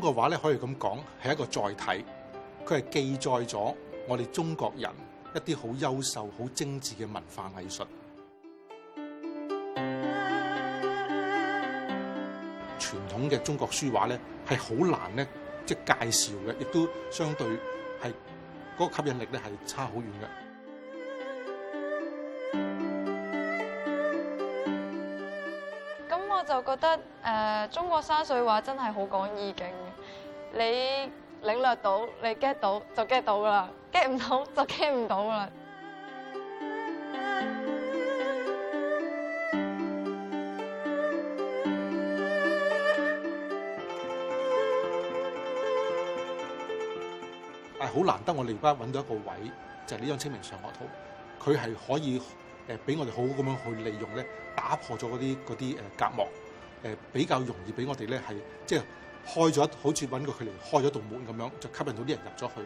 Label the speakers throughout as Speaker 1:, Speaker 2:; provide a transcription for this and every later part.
Speaker 1: 個畫咧可以咁講，係一個載體，佢係記載咗我哋中國人一啲好優秀、好精致嘅文化藝術。傳統嘅中國書畫咧係好難咧即係介紹嘅，亦都相對係嗰個吸引力咧係差好遠嘅。
Speaker 2: 咁我就覺得誒、呃，中國山水畫真係好講意境。你領略到，你 get 到就 get 到噶啦，get 唔到就 get 唔到噶
Speaker 1: 啦。係好難得，我哋而家揾到一個位，就係呢張清明上河圖，佢係可以誒俾我哋好好咁樣去利用咧，打破咗嗰啲啲誒隔膜，誒比較容易俾我哋咧係即係。開咗好似揾個距離，開咗道門咁樣，就吸引到啲人入咗去。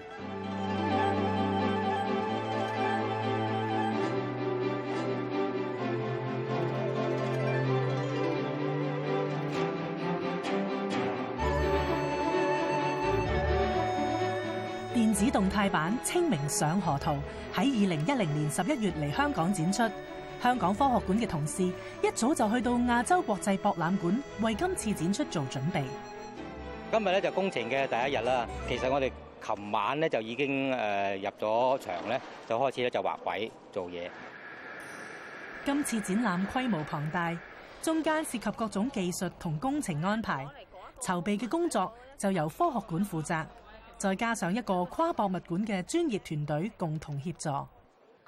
Speaker 3: 電子動態版《清明上河圖》喺二零一零年十一月嚟香港展出。香港科學館嘅同事一早就去到亞洲國際博覽館，為今次展出做準備。今日咧
Speaker 4: 就工程嘅第一日啦。其實我哋琴晚咧就已經誒入咗場咧，就開始咧就畫位做嘢。
Speaker 3: 今次展覽規模龐大，中間涉及各種技術同工程安排，籌備嘅工作就由科學館負責，再加上一個跨博物館嘅專業團隊共同協助。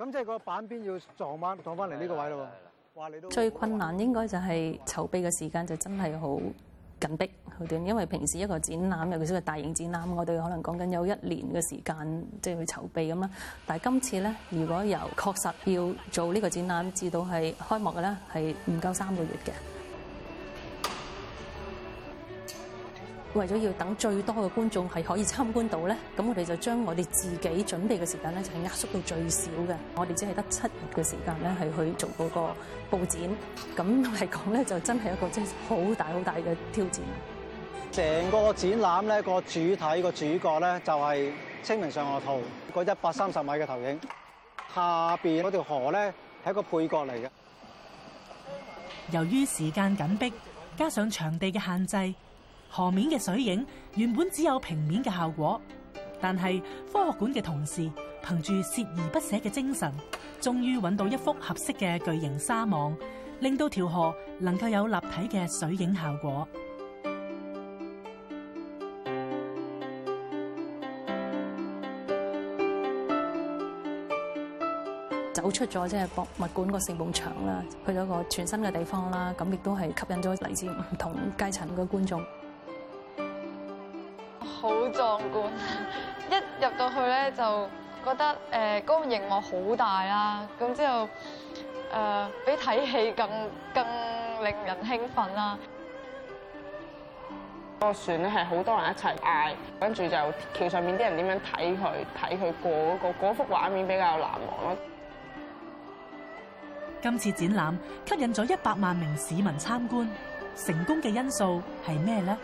Speaker 5: 咁即係
Speaker 6: 個板邊要撞翻撞翻嚟呢個位咯喎。話你都最
Speaker 3: 困難
Speaker 5: 應該就係籌備嘅時間就真係好緊逼去點？因為平時一個展覽，尤其是個大型展覽，我哋可能講緊有一年嘅時間，即係去籌備咁啦。但係今次咧，如果由確實要做呢個展覽，至到係開幕嘅咧，係唔夠三個月嘅。為咗要等最多嘅觀眾係可以參觀到咧，咁我哋就將我哋自己準備嘅時間咧，就係壓縮到最少嘅。我哋只係得七日嘅時間咧，係去做嗰個佈展。咁嚟講咧，就真係一個真係好大好大嘅挑戰。
Speaker 6: 成個展覽咧個主體個主角咧就係清明上河圖，個一百三十米嘅投影。下邊嗰條河咧係一個配角嚟嘅。
Speaker 3: 由於時間緊迫，加上場地嘅限制。河面嘅水影原本只有平面嘅效果，但係科學館嘅同事憑住鍥而不捨嘅精神，終於揾到一幅合適嘅巨型紗網，令到條河能夠有立體嘅水影效果。
Speaker 5: 走出咗即係博物館個四面牆啦，去咗個全新嘅地方啦，咁亦都係吸引咗嚟自唔同階層嘅觀眾。
Speaker 2: 好壯觀！一入到去咧，就覺得誒嗰個熒幕好大啦。咁之後誒比睇戲更更令人興奮啦。
Speaker 4: 個船咧係好多人一齊嗌，跟住就橋上面啲人點樣睇佢，睇佢過嗰個嗰幅畫面比較難忘咯。
Speaker 3: 今次展覽吸引咗一百萬名市民參觀，成功嘅因素係咩咧？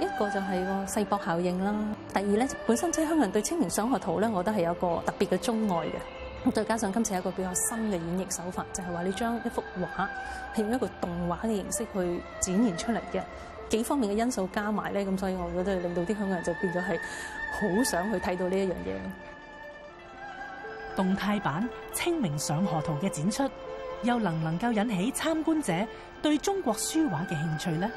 Speaker 3: 一
Speaker 5: 個就係個世博效應啦，第二咧本身即係香港人對清明上河圖咧，我都係有個特別嘅鍾愛嘅。再加上今次有一個比較新嘅演繹手法，就係話你將一幅畫係用一個動畫嘅形式去展現出嚟嘅幾方面嘅因素加埋咧，咁所以我覺得令到啲香港人就變咗係好想去睇到呢一樣嘢。
Speaker 3: 動態版清明上河圖嘅展出，又能唔能夠引起參觀者對中國書畫嘅興趣呢？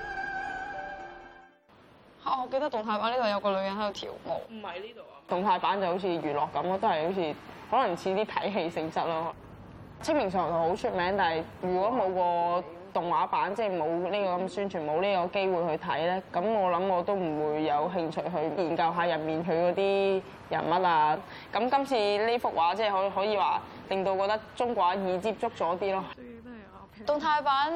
Speaker 2: 我記得動態版呢度有個女人喺度跳舞，唔係呢
Speaker 3: 度啊！動態版就好
Speaker 2: 似娛樂咁咯，
Speaker 3: 都係好似
Speaker 4: 可能似啲睇戲性質咯。清明上河圖好出名，但係如果冇個動畫版，即係冇呢個咁宣傳，冇呢個機會去睇咧，咁我諗我都唔會有興趣去研究一下入面佢嗰啲人物啊。咁今次呢幅畫即係可可以話令到覺得中國畫易接觸咗啲咯。
Speaker 2: 動態版。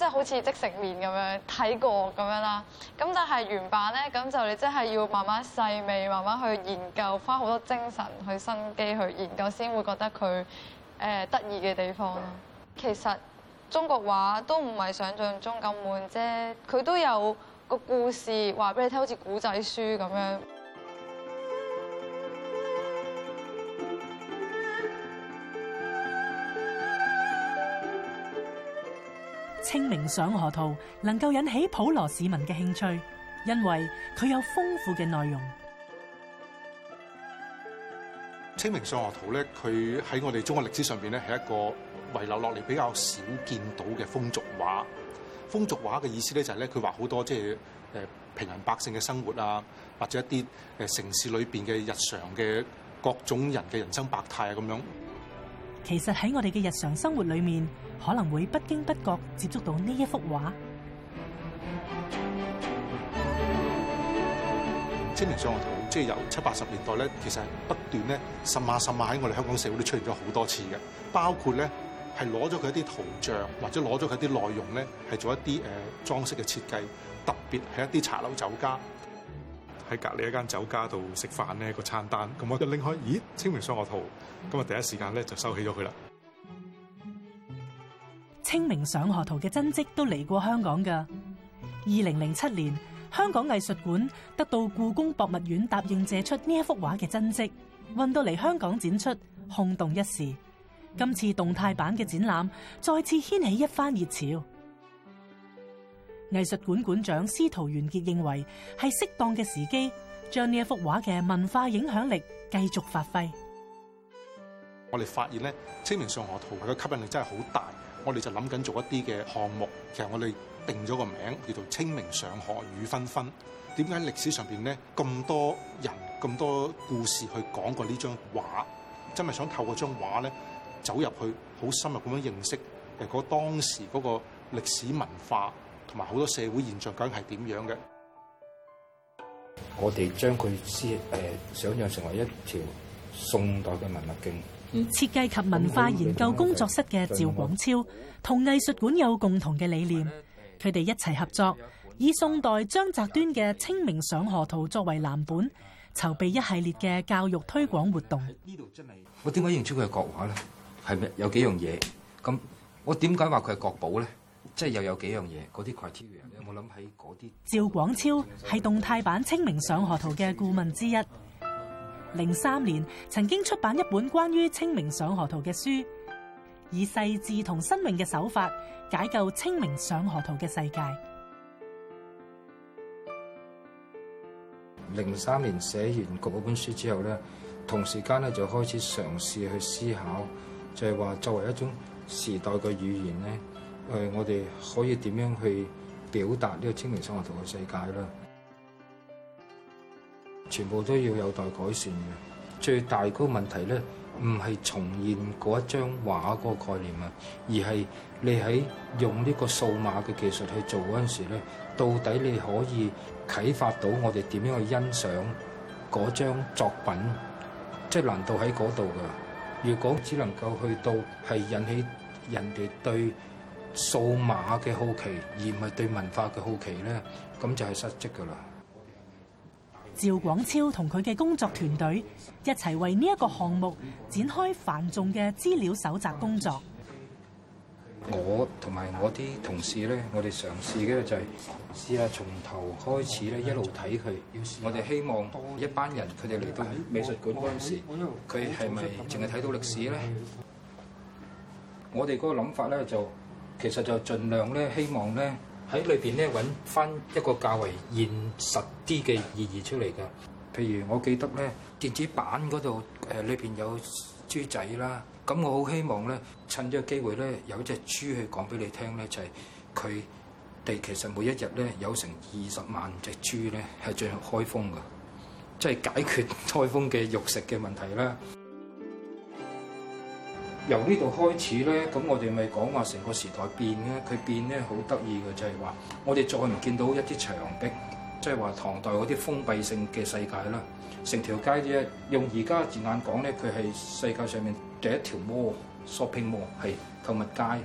Speaker 2: 就是、像即係好似即食麵咁樣睇過咁樣啦，咁但係原版咧，咁就你真係要慢慢細味，慢慢去研究，花好多精神去心機去研究，先會覺得佢誒、呃、得意嘅地方咯。其實中國畫都唔係想像中咁悶啫，佢都有個故事話俾你聽，好似古仔書咁樣。
Speaker 3: 清明上河圖能夠引起普羅市民嘅興趣，因為佢有豐富嘅內容。
Speaker 1: 清明上河圖咧，佢喺我哋中國歷史上邊咧，係一個遺留落嚟比較少見到嘅風俗畫。風俗畫嘅意思咧、就是，就係咧，佢畫好多即係誒平民百姓嘅生活啊，或者一啲誒城市裏邊嘅日常嘅各種人嘅人生百態啊，咁樣。
Speaker 3: 其實喺我哋嘅日常生活裏面，可能會不經不覺接觸到呢一幅畫。
Speaker 1: 清明上河圖即係由七八十年代咧，其實係不斷咧，十嘛十嘛喺我哋香港社會都出現咗好多次嘅，包括咧係攞咗佢一啲圖像或者攞咗佢啲內容咧，係做一啲誒裝飾嘅設計，特別係一啲茶樓酒家。喺隔離一間酒家度食飯，呢個餐單咁，我一拎開，咦，清明上河圖，咁啊，第一時間咧就收起咗佢啦。
Speaker 3: 清明上河圖嘅真跡都嚟過香港噶。二零零七年，香港藝術館得到故宮博物院答應借出呢一幅畫嘅真跡，運到嚟香港展出，轟動一時。今次動態版嘅展覽，再次掀起一番熱潮。藝術館館長司徒元傑認為係適當嘅時機，將呢一幅畫嘅文化影響力繼續發揮。
Speaker 1: 我哋發現咧，清明上河圖嘅吸引力真係好大。我哋就諗緊做一啲嘅項目。其實我哋定咗個名叫做《清明上河雨紛紛》。點解歷史上邊咧咁多人咁多故事去講過呢張畫？真係想透過一張畫咧走入去，好深入咁樣認識誒嗰當時嗰個歷史文化。同埋
Speaker 7: 好多社會現象，究竟係點樣嘅？我哋將佢誒想象成為一條宋代嘅
Speaker 3: 文物徑。設計及文化研究工作室嘅趙廣超同藝術館有共同嘅理念，佢哋一齊合作，以宋代張擇端嘅《清明上河圖》作為藍本，籌備一系列嘅教育推廣活動。呢度真係
Speaker 7: 我點解認出佢係國畫咧？係咪有幾樣嘢咁？我點解話佢係國寶咧？即係又有幾樣嘢，嗰啲 criteria，你有冇諗起嗰啲？
Speaker 3: 趙廣超係動態版《清明上河圖》嘅顧問之一。零三年曾經出版一本關於清明上河圖嘅書，以細致同新穎嘅手法解救《清明上河圖》嘅世界。
Speaker 7: 零三年寫完嗰本書之後咧，同時間咧就開始嘗試去思考，就係話作為一種時代嘅語言咧。誒、呃，我哋可以點樣去表達呢個清明上河圖嘅世界咧？全部都要有待改善嘅。最大嗰個問題咧，唔係重現嗰一張畫嗰個概念啊，而係你喺用呢個數碼嘅技術去做嗰陣時咧，到底你可以啟發到我哋點樣去欣賞嗰張作品？即係難度喺嗰度㗎。如果只能夠去到係引起人哋對數碼嘅好奇，而唔係對文化嘅好奇咧，咁就係失職㗎喇。
Speaker 3: 趙廣超同佢嘅工作團隊一齊為呢一個項目展開繁重嘅資料搜集工作。
Speaker 7: 我同埋我啲同事咧，我哋嘗試嘅就係試下從頭開始咧，一路睇佢。我哋希望一班人佢哋嚟到美術館嗰陣時，佢係咪淨係睇到歷史咧？我哋嗰個諗法咧就～其實就盡量咧，希望咧喺裏邊咧揾翻一個較為現實啲嘅意義出嚟㗎。譬如我記得咧電子版嗰度誒裏邊有豬仔啦，咁我好希望咧趁咗機會咧有一隻豬去講俾你聽咧，就係佢哋其實每一日咧有成二十萬隻豬咧係進行開封㗎，即係解決開封嘅肉食嘅問題啦。由呢度開始咧，咁我哋咪講話成個時代變咧，佢變咧好得意嘅，就係話我哋再唔見到一啲牆壁，即係話唐代嗰啲封閉性嘅世界啦。成條街啫，用而家嘅字眼講咧，佢係世界上面第一條魔 shopping mall，係購物街。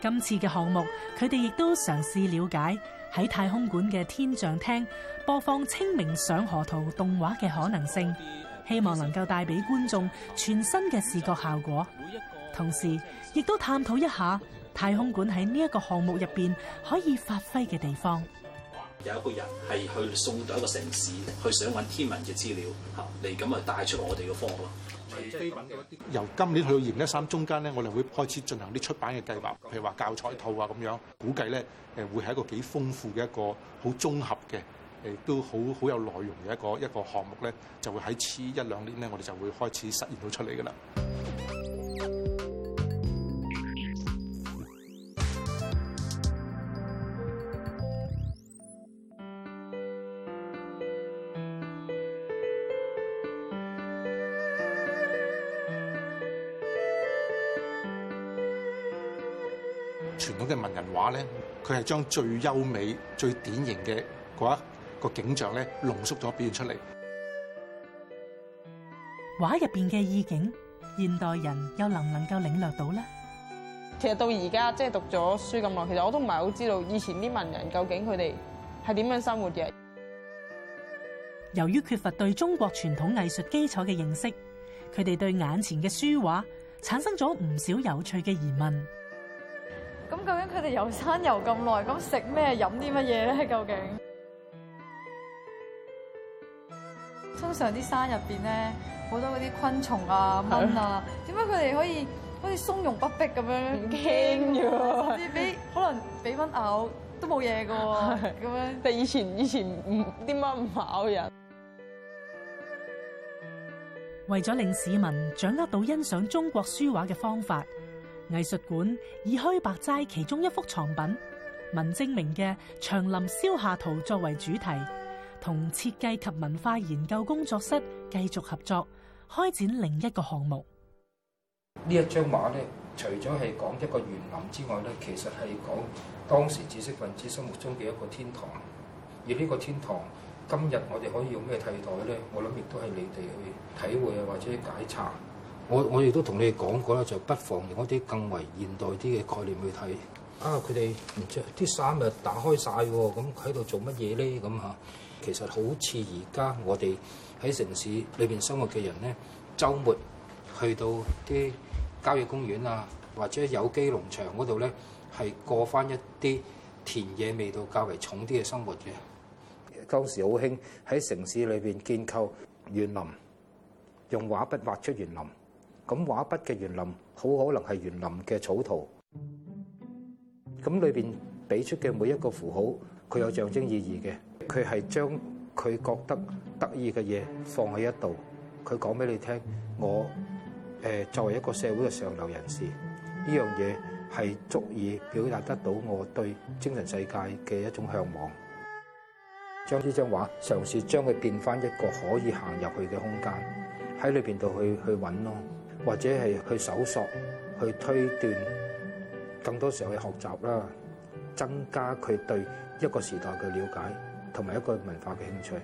Speaker 3: 今次嘅項目，佢哋亦都嘗試了解喺太空館嘅天象廳播放《清明上河圖》動畫嘅可能性。希望能夠帶俾觀眾全新嘅視覺效果，同時亦都探討一下太空館喺呢一個項目入邊可以發揮嘅地方。
Speaker 7: 有個人係去
Speaker 6: 送到一個城市去想揾天文嘅資料，嚇嚟咁啊帶出我哋嘅科學。由
Speaker 1: 今年去到二零一三中間咧，我哋會開始進行啲出版嘅計劃，譬如話教材套啊咁樣，估計咧誒會係一個幾豐富嘅一個好綜合嘅。誒都好好有內容嘅一個一個項目咧，就會喺此一兩年咧，我哋就會開始實現到出嚟㗎喇。傳統嘅文人畫咧，佢係將最優美、最典型嘅一個景象咧，濃縮咗表現出嚟。
Speaker 3: 畫入邊嘅意境，現代人又能唔能夠領略到咧？
Speaker 2: 其實到而家即係讀
Speaker 4: 咗書咁耐，其實我都唔係好知道以前啲文人究竟佢哋係點樣生活嘅。
Speaker 3: 由於缺乏對中國傳統藝術基礎嘅認識，佢哋對眼前嘅書畫產生咗唔少有趣嘅疑問。
Speaker 2: 咁究竟佢哋遊山遊咁耐，咁食咩飲啲乜嘢咧？究竟？通常啲山入邊咧,好多嗰啲昆蟲啊、蚊啊,點解佢哋可以好似從容不迫咁樣？唔驚嘅喎,俾可能俾蚊咬都冇嘢嘅喎,咁樣。但係以前以前唔
Speaker 3: 點解啲蚊唔咬人。為咗令市民掌握到欣賞中國書畫嘅方法,藝術館以《虛白齋》其中一幅藏品文徵明嘅《長林消夏圖》作為主題。同設計及文化研究工作室繼續合作，開展另一個項目。
Speaker 7: 一張呢一張畫咧，除咗係講一個園林之外咧，其實係講當時知識分子心目中嘅一個天堂。而呢個天堂今日我哋可以用咩替代咧？我諗亦都係你哋去體會啊，或者解查。我我亦都同你哋講過啦，就不妨用一啲更為現代啲嘅概念去睇啊。佢哋唔知啲衫，又打開晒，咁佢喺度做乜嘢咧？咁啊？其實好似而家我哋喺城市裏邊生活嘅人咧，週末去到啲郊野公園啊，或者有機農場嗰度咧，係過返一啲田野味道較為重啲嘅生活嘅。當時好興喺城市裏邊建構園林，用畫筆畫出園林。咁畫筆嘅園林好可能係園林嘅草圖。咁裏邊俾出嘅每一個符號，佢有象徵意義嘅。佢係將佢覺得得意嘅嘢放喺一度，佢講俾你聽。我誒作為一個社會嘅上流人士，呢樣嘢係足以表達得到我對精神世界嘅一種向往。將呢張畫嘗試將佢變返一個可以行入去嘅空間，喺裏邊度去去揾咯，或者係去搜索、去推斷，更多時候去學習啦，增加佢對一個時代嘅了解。同埋一個文化嘅興趣。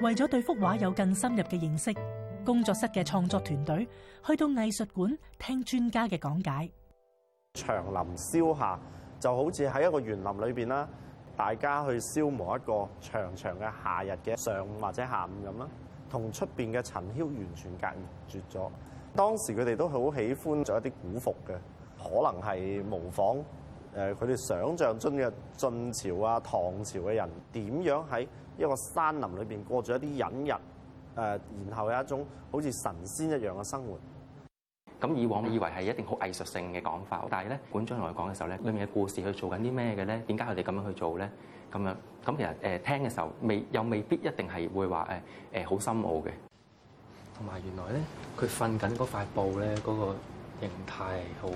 Speaker 3: 為咗對幅畫有更深入嘅認識，工作室嘅創作團隊去到藝術館聽專家嘅講解。
Speaker 6: 長林消夏就好似喺一個園林裏邊啦，大家去消磨一個長長嘅夏日嘅上午或者下午咁啦，同出邊嘅塵囂完全隔絕咗。當時佢哋都好喜歡著一啲古服嘅，可能係模仿。誒佢哋想像中嘅晉朝啊、唐朝嘅人點樣喺一個山林裏邊過住一啲隱逸誒、呃，然後有一種好似神仙一樣嘅生活。
Speaker 4: 咁以往我以為係一定好藝術性嘅講法，但係咧，館長同我講嘅時候咧，裡面嘅故事去做緊啲咩嘅咧？點解佢哋咁樣去做咧？咁樣咁其實誒、呃、聽嘅時候，未又未必一定係會話誒誒好深奧嘅。同埋原來咧，佢瞓緊嗰塊布咧，嗰、那個形態好。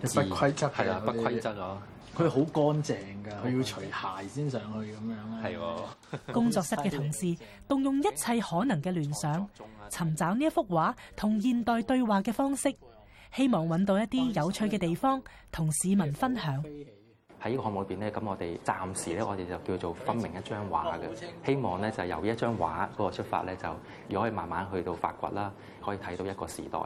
Speaker 4: 不規則係啊，不規則
Speaker 6: 啊！佢好乾淨㗎，佢要除鞋先上去咁樣啊！係喎。工作室嘅同
Speaker 3: 事 動用一切可能嘅聯想， 尋找呢一幅畫同現代對話嘅方式，希望揾到一啲有趣嘅地方同市民分享。
Speaker 4: 喺呢個項目入邊咧，咁我哋暫時咧，我哋就叫做分明一張畫嘅，希望咧就由一張畫嗰個出發咧，就如果可以慢慢去到發掘啦，可以睇到一個時代。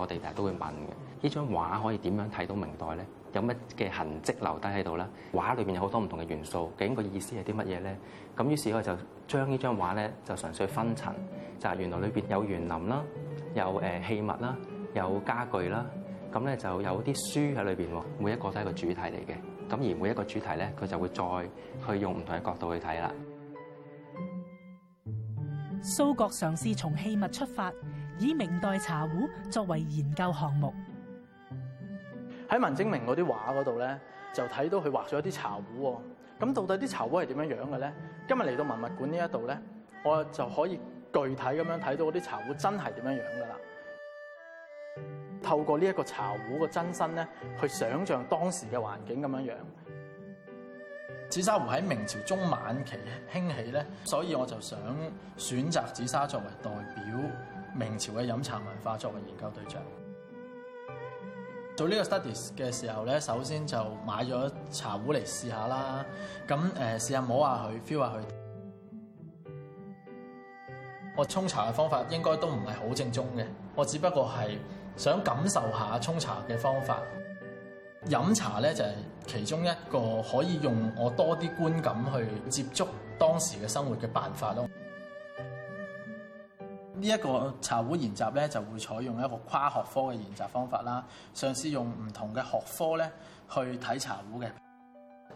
Speaker 4: 我哋成日都會問嘅，呢張畫可以點樣睇到明代咧？有乜嘅痕跡留低喺度啦？畫裏邊有好多唔同嘅元素，究竟個意思係啲乜嘢咧？咁於是我就將呢張畫咧就純粹分層，就係、就是、原來裏邊有園林啦，有誒器物啦，有家具啦，咁咧就有啲書喺裏邊喎。每一個都係個主題嚟嘅，咁而每一個主題咧，佢就會再去用唔同嘅角度去睇啦。
Speaker 3: 蘇國嘗試從器物出發。以明代茶壺作為研究項目，
Speaker 6: 喺文徵明嗰啲畫嗰度咧，就睇到佢畫咗一啲茶壺。咁到底啲茶壺係點樣樣嘅咧？今日嚟到文物館呢一度咧，我就可以具體咁樣睇到嗰啲茶壺真係點樣樣噶啦。透過呢一個茶壺個真身咧，去想象當時嘅環境咁樣樣。紫砂壺喺明朝中晚期興起咧，所以我就想選擇紫砂作為代表。明朝嘅飲茶文化作為研究對象，做呢個 studies 嘅時候咧，首先就買咗茶壺嚟試下啦。咁誒試下摸下佢，feel 下佢。我沖茶嘅方法應該都唔係好正宗嘅，我只不過係想感受下沖茶嘅方法。飲茶咧就係其中一個可以用我多啲觀感去接觸當時嘅生活嘅辦法咯。呢、這、一個茶壺研習咧，就會採用一個跨學科嘅研習方法啦。嘗試用唔同嘅學科咧，去睇茶壺嘅。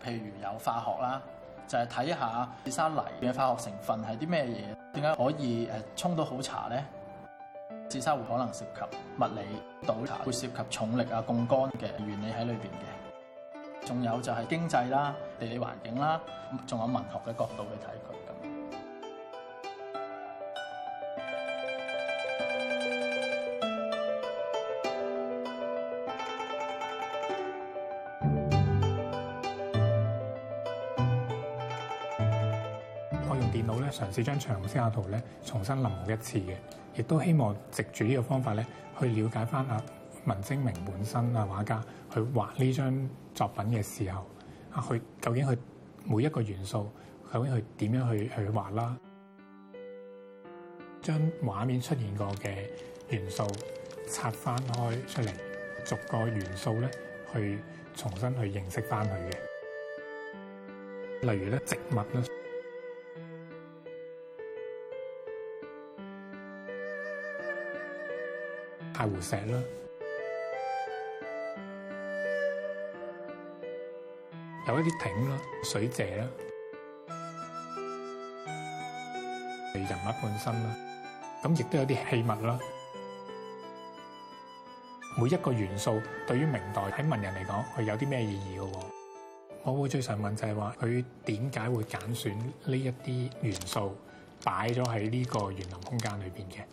Speaker 6: 譬如有化學啦，就係、是、睇一下紫砂泥嘅化學成分係啲咩嘢，點解可以誒沖到好茶咧？紫砂壺可能涉及物理，倒茶會涉及重力啊、槓桿嘅原理喺裏邊嘅。仲有就係經濟啦、地理環境啦，仲有文學嘅角度去睇佢。
Speaker 8: 只張長詩下圖咧，重新臨摹一次嘅，亦都希望藉住呢個方法咧，去了解翻阿文徵明本身啊，畫家去畫呢張作品嘅時候啊，佢究竟佢每一個元素，究竟佢點樣去去畫啦？將畫面出現過嘅元素拆翻開出嚟，逐個元素咧去重新去認識翻佢嘅。例如咧，植物啦。湖石啦，有一啲亭啦、水榭啦，係人物本身啦，咁亦都有啲器物啦。每一個元素對於明代喺文人嚟講佢有啲咩意義嘅？我會最常問就係話佢點解會揀選呢一啲元素擺咗喺呢個園林空
Speaker 3: 間裏邊嘅？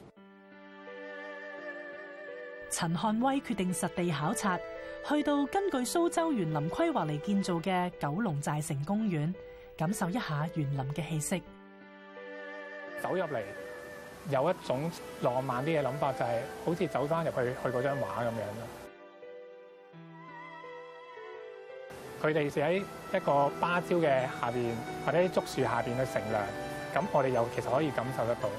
Speaker 3: 陳漢威決定實地考察，去到根據蘇州園林規劃嚟建造嘅九龍寨城公園，感受一下園林嘅氣息。
Speaker 8: 走入嚟，有一種浪漫啲嘅諗法，就是，就係好似走翻入去去嗰張畫咁樣咯。佢哋住喺一個芭蕉嘅下邊，或者竹樹下邊去乘涼，咁我哋又其實可以感受得到。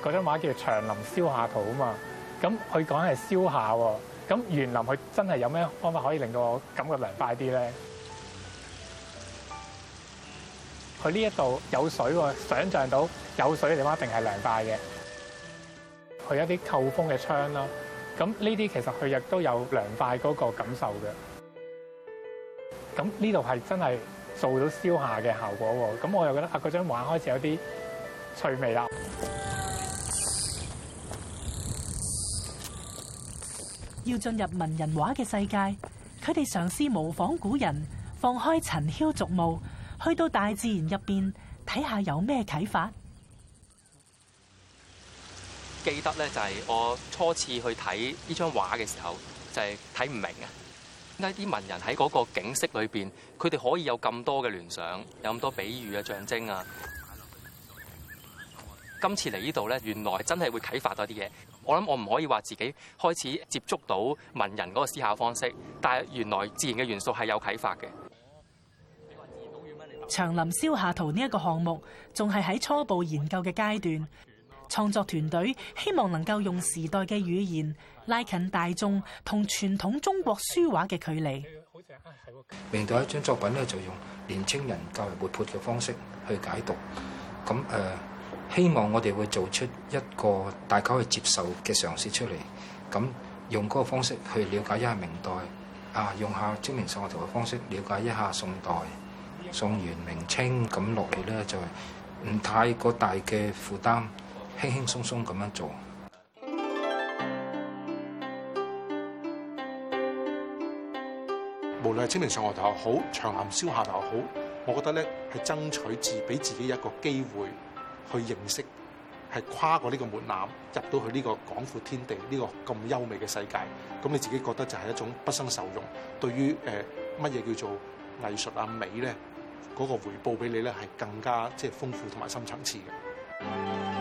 Speaker 8: 嗰張畫叫《長林燒下圖》啊嘛。咁佢講係消夏喎，咁園林佢真係有咩方法可以令到我感覺涼快啲咧？佢呢一度有水喎，想象到有水嘅地方一定係涼快嘅。佢一啲透風嘅窗啦，咁呢啲其實佢亦都有涼快嗰個感受嘅。咁呢度係真係做到消夏嘅效果喎，咁我又覺得啊，嗰張畫開始有啲趣味啦。
Speaker 3: 要進入文人畫嘅世界，佢哋嘗試模仿古人，放開塵囂俗務，去到大自然入邊睇下有咩啟發。
Speaker 4: 記得咧就係我初次去睇呢張畫嘅時候，就係睇唔明啊！點解啲文人喺嗰個景色裏邊，佢哋可以有咁多嘅聯想，有咁多比喻啊、象徵啊？今次嚟呢度咧，原來真係會啟發多啲嘢。我諗我唔可以話自己開始接觸到文人嗰個思考方式，但原來自然嘅元素係有啟發嘅。
Speaker 3: 長林消夏圖呢一個項目仲係喺初步研究嘅階段，創作團隊希望能夠用時代嘅語言拉近大眾同傳統中國書畫嘅距離。
Speaker 7: 另外一張作品咧，就用年青人較為活潑嘅方式去解讀。咁誒希望我哋會做出一個大家可以接受嘅嘗試出嚟，咁用嗰個方式去了解一下明代啊，用下清明上河圖嘅方式了解一下宋代、宋元、明清咁落嚟咧，就係唔太過大嘅負擔，輕輕鬆鬆咁樣做。
Speaker 1: 無論係清明上河圖好，長南燒下圖好，我覺得咧係爭取自俾自己一個機會，去認識，係跨過呢個門檻，入到去呢個廣闊天地，呢、這個咁優美嘅世界，咁你自己覺得就係一種畢生受用，對於誒乜嘢叫做藝術啊美咧，嗰、那個回報俾你咧係更加即係、就是、豐富同埋深層次嘅。